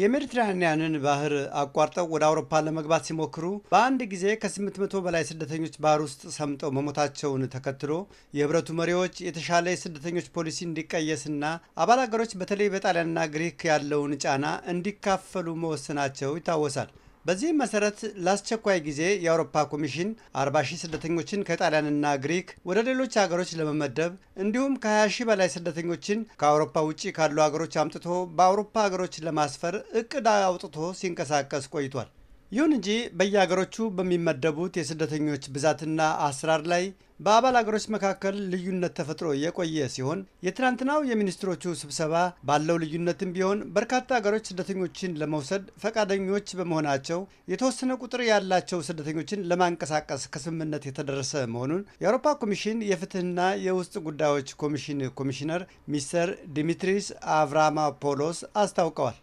የሜዲትራንያንን ባህር አቋርጠው ወደ አውሮፓ ለመግባት ሲሞክሩ በአንድ ጊዜ ከ800 በላይ ስደተኞች ባህር ውስጥ ሰምጠው መሞታቸውን ተከትሎ የህብረቱ መሪዎች የተሻለ የስደተኞች ፖሊሲ እንዲቀየስና አባል አገሮች በተለይ በጣሊያንና ግሪክ ያለውን ጫና እንዲካፈሉ መወሰናቸው ይታወሳል። በዚህም መሰረት ለአስቸኳይ ጊዜ የአውሮፓ ኮሚሽን 40 ሺህ ስደተኞችን ከጣሊያንና ግሪክ ወደ ሌሎች ሀገሮች ለመመደብ እንዲሁም ከ20 ሺህ በላይ ስደተኞችን ከአውሮፓ ውጭ ካሉ ሀገሮች አምጥቶ በአውሮፓ ሀገሮች ለማስፈር እቅድ አውጥቶ ሲንቀሳቀስ ቆይቷል። ይሁን እንጂ በየሀገሮቹ በሚመደቡት የስደተኞች ብዛትና አሰራር ላይ በአባል አገሮች መካከል ልዩነት ተፈጥሮ የቆየ ሲሆን የትናንትናው የሚኒስትሮቹ ስብሰባ ባለው ልዩነትም ቢሆን በርካታ አገሮች ስደተኞችን ለመውሰድ ፈቃደኞች በመሆናቸው የተወሰነ ቁጥር ያላቸው ስደተኞችን ለማንቀሳቀስ ከስምምነት የተደረሰ መሆኑን የአውሮፓ ኮሚሽን የፍትህና የውስጥ ጉዳዮች ኮሚሽን ኮሚሽነር ሚስተር ዲሚትሪስ አቭራማፖሎስ አስታውቀዋል።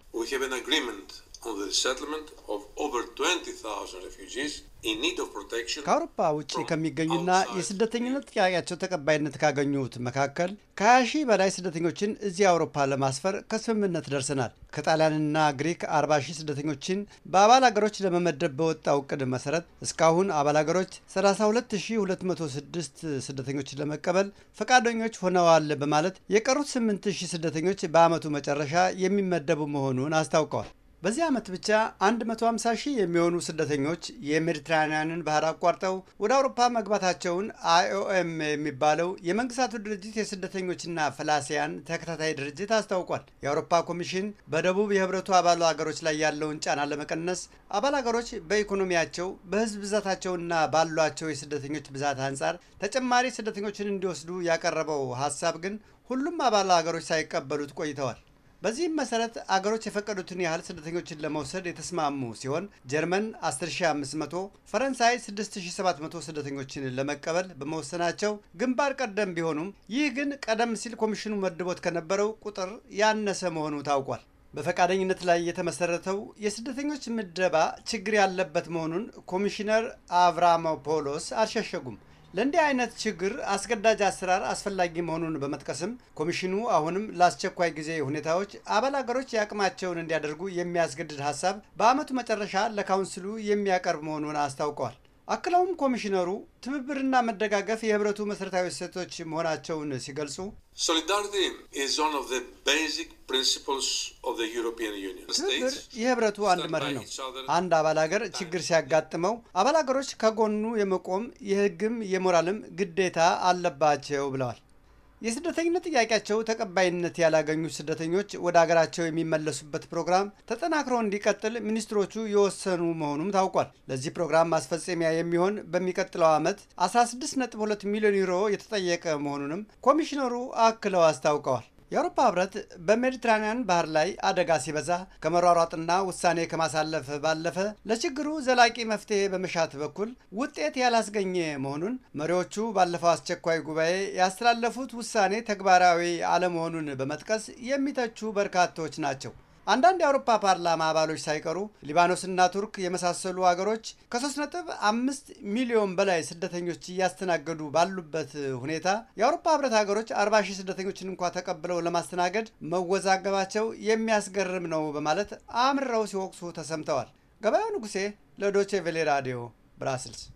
ከአውሮፓ ውጭ ከሚገኙና የስደተኝነት ጥያቄያቸው ተቀባይነት ካገኙት መካከል ከ20 ሺህ በላይ ስደተኞችን እዚህ አውሮፓ ለማስፈር ከስምምነት ደርሰናል። ከጣሊያንና ግሪክ 40 ሺህ ስደተኞችን በአባል አገሮች ለመመደብ በወጣው እቅድ መሰረት እስካሁን አባል አገሮች 32206 ስደተኞችን ለመቀበል ፈቃደኞች ሆነዋል በማለት የቀሩት 8000 ስደተኞች በአመቱ መጨረሻ የሚመደቡ መሆኑን አስታውቀዋል። በዚህ ዓመት ብቻ 150 ሺህ የሚሆኑ ስደተኞች የሜዲትራንያንን ባህር አቋርጠው ወደ አውሮፓ መግባታቸውን አይኦኤም የሚባለው የመንግስታቱ ድርጅት የስደተኞችና ፈላሲያን ተከታታይ ድርጅት አስታውቋል። የአውሮፓ ኮሚሽን በደቡብ የህብረቱ አባል ሀገሮች ላይ ያለውን ጫና ለመቀነስ አባል ሀገሮች በኢኮኖሚያቸው በህዝብ ብዛታቸውና ባሏቸው የስደተኞች ብዛት አንጻር ተጨማሪ ስደተኞችን እንዲወስዱ ያቀረበው ሀሳብ ግን ሁሉም አባል ሀገሮች ሳይቀበሉት ቆይተዋል። በዚህም መሰረት አገሮች የፈቀዱትን ያህል ስደተኞችን ለመውሰድ የተስማሙ ሲሆን ጀርመን 10500፣ ፈረንሳይ 6700 ስደተኞችን ለመቀበል በመወሰናቸው ግንባር ቀደም ቢሆኑም ይህ ግን ቀደም ሲል ኮሚሽኑ መድቦት ከነበረው ቁጥር ያነሰ መሆኑ ታውቋል። በፈቃደኝነት ላይ የተመሰረተው የስደተኞች ምደባ ችግር ያለበት መሆኑን ኮሚሽነር አብራሞፖሎስ አልሸሸጉም። ለእንዲህ አይነት ችግር አስገዳጅ አሰራር አስፈላጊ መሆኑን በመጥቀስም ኮሚሽኑ አሁንም ለአስቸኳይ ጊዜ ሁኔታዎች አባል አገሮች የአቅማቸውን እንዲያደርጉ የሚያስገድድ ሀሳብ በአመቱ መጨረሻ ለካውንስሉ የሚያቀርብ መሆኑን አስታውቀዋል። አክለውም ኮሚሽነሩ ትብብርና መደጋገፍ የህብረቱ መሠረታዊ እሴቶች መሆናቸውን ሲገልጹ ትብብር የህብረቱ አንድ መርህ ነው። አንድ አባል ሀገር ችግር ሲያጋጥመው አባል ሀገሮች ከጎኑ የመቆም የህግም የሞራልም ግዴታ አለባቸው ብለዋል። የስደተኝነት ጥያቄያቸው ተቀባይነት ያላገኙ ስደተኞች ወደ አገራቸው የሚመለሱበት ፕሮግራም ተጠናክሮ እንዲቀጥል ሚኒስትሮቹ የወሰኑ መሆኑም ታውቋል። ለዚህ ፕሮግራም ማስፈጸሚያ የሚሆን በሚቀጥለው ዓመት 16.2 ሚሊዮን ዩሮ የተጠየቀ መሆኑንም ኮሚሽነሩ አክለው አስታውቀዋል። የአውሮፓ ህብረት በሜዲትራኒያን ባህር ላይ አደጋ ሲበዛ ከመሯሯጥና ውሳኔ ከማሳለፍ ባለፈ ለችግሩ ዘላቂ መፍትሄ በመሻት በኩል ውጤት ያላስገኘ መሆኑን መሪዎቹ ባለፈው አስቸኳይ ጉባኤ ያስተላለፉት ውሳኔ ተግባራዊ አለመሆኑን በመጥቀስ የሚተቹ በርካቶች ናቸው። አንዳንድ የአውሮፓ ፓርላማ አባሎች ሳይቀሩ ሊባኖስና ቱርክ የመሳሰሉ አገሮች ከሶስት ነጥብ አምስት ሚሊዮን በላይ ስደተኞች እያስተናገዱ ባሉበት ሁኔታ የአውሮፓ ህብረት ሀገሮች አርባ ሺህ ስደተኞችን እንኳ ተቀብለው ለማስተናገድ መወዛገባቸው የሚያስገርም ነው በማለት አምርረው ሲወቅሱ ተሰምተዋል። ገበያው ንጉሴ ለዶቼ ቬሌ ራዲዮ ብራስልስ